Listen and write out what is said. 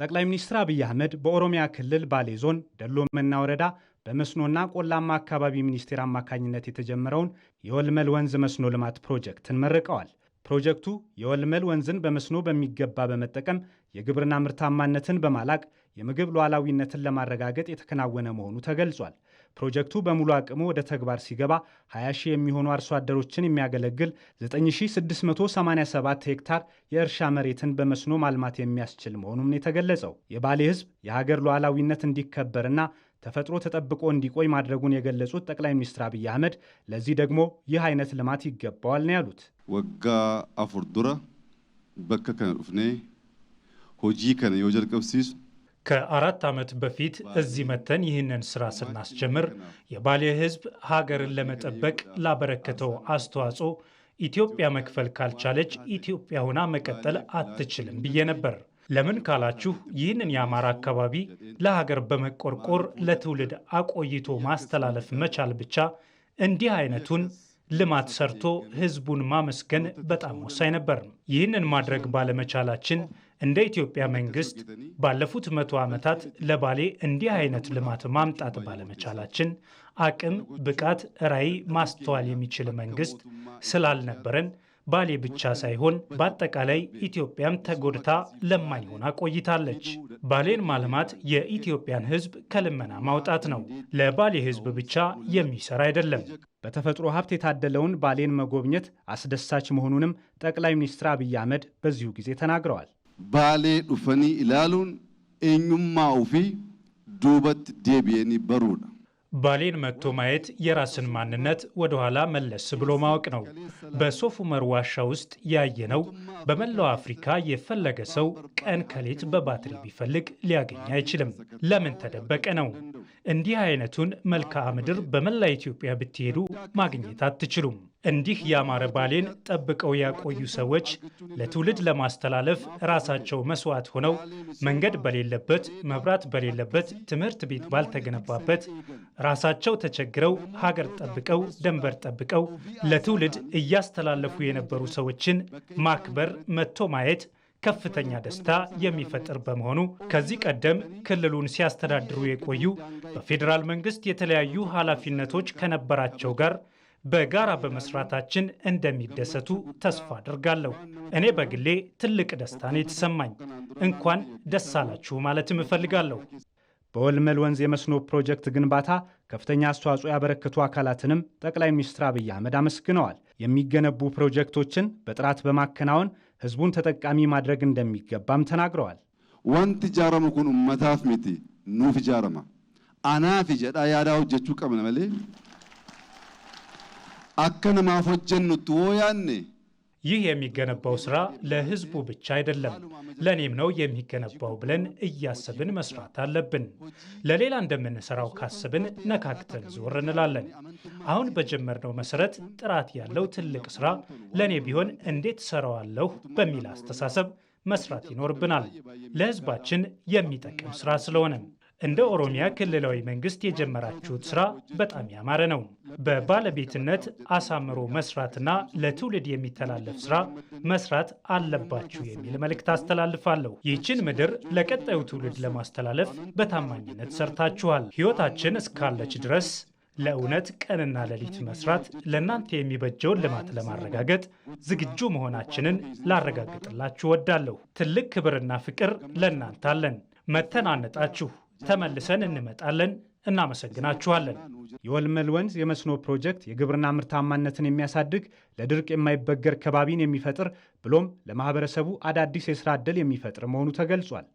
ጠቅላይ ሚኒስትር አብይ አህመድ በኦሮሚያ ክልል ባሌ ዞን ደሎመና ወረዳ በመስኖና ቆላማ አካባቢ ሚኒስቴር አማካኝነት የተጀመረውን የወልመል ወንዝ መስኖ ልማት ፕሮጀክትን መርቀዋል። ፕሮጀክቱ የወልመል ወንዝን በመስኖ በሚገባ በመጠቀም የግብርና ምርታማነትን በማላቅ የምግብ ሉዓላዊነትን ለማረጋገጥ የተከናወነ መሆኑ ተገልጿል። ፕሮጀክቱ በሙሉ አቅሙ ወደ ተግባር ሲገባ 20 ሺ የሚሆኑ አርሶ አደሮችን የሚያገለግል 9687 ሄክታር የእርሻ መሬትን በመስኖ ማልማት የሚያስችል መሆኑም ነው የተገለጸው። የባሌ ሕዝብ የሀገር ሉዓላዊነት እንዲከበርና ተፈጥሮ ተጠብቆ እንዲቆይ ማድረጉን የገለጹት ጠቅላይ ሚኒስትር አብይ አህመድ ለዚህ ደግሞ ይህ አይነት ልማት ይገባዋል ነው ያሉት። ወጋ አፉር ዱረ በከ ከነ ዱፍኔ ሆጂ ከነ የወጀር ቀብሲሱ ከአራት ዓመት በፊት እዚህ መተን ይህንን ስራ ስናስጀምር የባሌ ህዝብ ሀገርን ለመጠበቅ ላበረከተው አስተዋጽኦ ኢትዮጵያ መክፈል ካልቻለች ኢትዮጵያ ሆና መቀጠል አትችልም ብዬ ነበር። ለምን ካላችሁ ይህንን የአማራ አካባቢ ለሀገር በመቆርቆር ለትውልድ አቆይቶ ማስተላለፍ መቻል ብቻ እንዲህ አይነቱን ልማት ሰርቶ ህዝቡን ማመስገን በጣም ወሳኝ ነበር። ይህንን ማድረግ ባለመቻላችን እንደ ኢትዮጵያ መንግስት ባለፉት መቶ ዓመታት ለባሌ እንዲህ አይነት ልማት ማምጣት ባለመቻላችን አቅም፣ ብቃት፣ ራዕይ ማስተዋል የሚችል መንግስት ስላልነበረን ባሌ ብቻ ሳይሆን በአጠቃላይ ኢትዮጵያም ተጎድታ ለማኝ ሆና ቆይታለች። ባሌን ማልማት የኢትዮጵያን ሕዝብ ከልመና ማውጣት ነው። ለባሌ ሕዝብ ብቻ የሚሰራ አይደለም። በተፈጥሮ ሀብት የታደለውን ባሌን መጎብኘት አስደሳች መሆኑንም ጠቅላይ ሚኒስትር አብይ አህመድ በዚሁ ጊዜ ተናግረዋል። baalee dhufanii ilaaluun eenyummaa ofii duubatti deebi'anii baruudha. ባሌን መጥቶ ማየት የራስን ማንነት ወደኋላ መለስ ብሎ ማወቅ ነው። በሶፍ ዑመር ዋሻ ውስጥ ያየነው በመላው አፍሪካ የፈለገ ሰው ቀን ከሌት በባትሪ ቢፈልግ ሊያገኝ አይችልም። ለምን ተደበቀ ነው። እንዲህ አይነቱን መልክዓ ምድር በመላ ኢትዮጵያ ብትሄዱ ማግኘት አትችሉም። እንዲህ ያማረ ባሌን ጠብቀው ያቆዩ ሰዎች ለትውልድ ለማስተላለፍ ራሳቸው መስዋዕት ሆነው መንገድ በሌለበት፣ መብራት በሌለበት፣ ትምህርት ቤት ባልተገነባበት ራሳቸው ተቸግረው ሀገር ጠብቀው ደንበር ጠብቀው ለትውልድ እያስተላለፉ የነበሩ ሰዎችን ማክበር መጥቶ ማየት ከፍተኛ ደስታ የሚፈጥር በመሆኑ ከዚህ ቀደም ክልሉን ሲያስተዳድሩ የቆዩ በፌዴራል መንግስት የተለያዩ ኃላፊነቶች ከነበራቸው ጋር በጋራ በመስራታችን እንደሚደሰቱ ተስፋ አድርጋለሁ። እኔ በግሌ ትልቅ ደስታ ነው የተሰማኝ። እንኳን ደስ አላችሁ ማለትም እፈልጋለሁ። በወልመል ወንዝ የመስኖ ፕሮጀክት ግንባታ ከፍተኛ አስተዋጽኦ ያበረከቱ አካላትንም ጠቅላይ ሚኒስትር አብይ አህመድ አመስግነዋል። የሚገነቡ ፕሮጀክቶችን በጥራት በማከናወን ህዝቡን ተጠቃሚ ማድረግ እንደሚገባም ተናግረዋል። ወንት ጃረሙ ኩን ኡመታፍ ሚቲ ኑፍ ጃረማ አናፊ ጀዳ ያዳው ጀቹ ቀብነ መሌ አከነማፍ ሆጀኑት ወያኔ ይህ የሚገነባው ስራ ለህዝቡ ብቻ አይደለም፣ ለእኔም ነው የሚገነባው ብለን እያሰብን መስራት አለብን። ለሌላ እንደምንሰራው ካስብን ነካክተን ዞር እንላለን። አሁን በጀመርነው መሰረት ጥራት ያለው ትልቅ ስራ ለእኔ ቢሆን እንዴት ሰራዋለሁ በሚል አስተሳሰብ መስራት ይኖርብናል፣ ለህዝባችን የሚጠቅም ስራ ስለሆነ እንደ ኦሮሚያ ክልላዊ መንግስት የጀመራችሁት ስራ በጣም ያማረ ነው። በባለቤትነት አሳምሮ መስራትና ለትውልድ የሚተላለፍ ስራ መስራት አለባችሁ የሚል መልእክት አስተላልፋለሁ። ይህችን ምድር ለቀጣዩ ትውልድ ለማስተላለፍ በታማኝነት ሰርታችኋል። ሕይወታችን እስካለች ድረስ ለእውነት ቀንና ሌሊት መስራት ለእናንተ የሚበጀውን ልማት ለማረጋገጥ ዝግጁ መሆናችንን ላረጋግጥላችሁ ወዳለሁ። ትልቅ ክብርና ፍቅር ለእናንተ አለን። መተናነጣችሁ ተመልሰን እንመጣለን። እናመሰግናችኋለን። የወልመል ወንዝ የመስኖ ፕሮጀክት የግብርና ምርታማነትን የሚያሳድግ ለድርቅ የማይበገር ከባቢን የሚፈጥር ብሎም ለማህበረሰቡ አዳዲስ የስራ ዕድል የሚፈጥር መሆኑ ተገልጿል።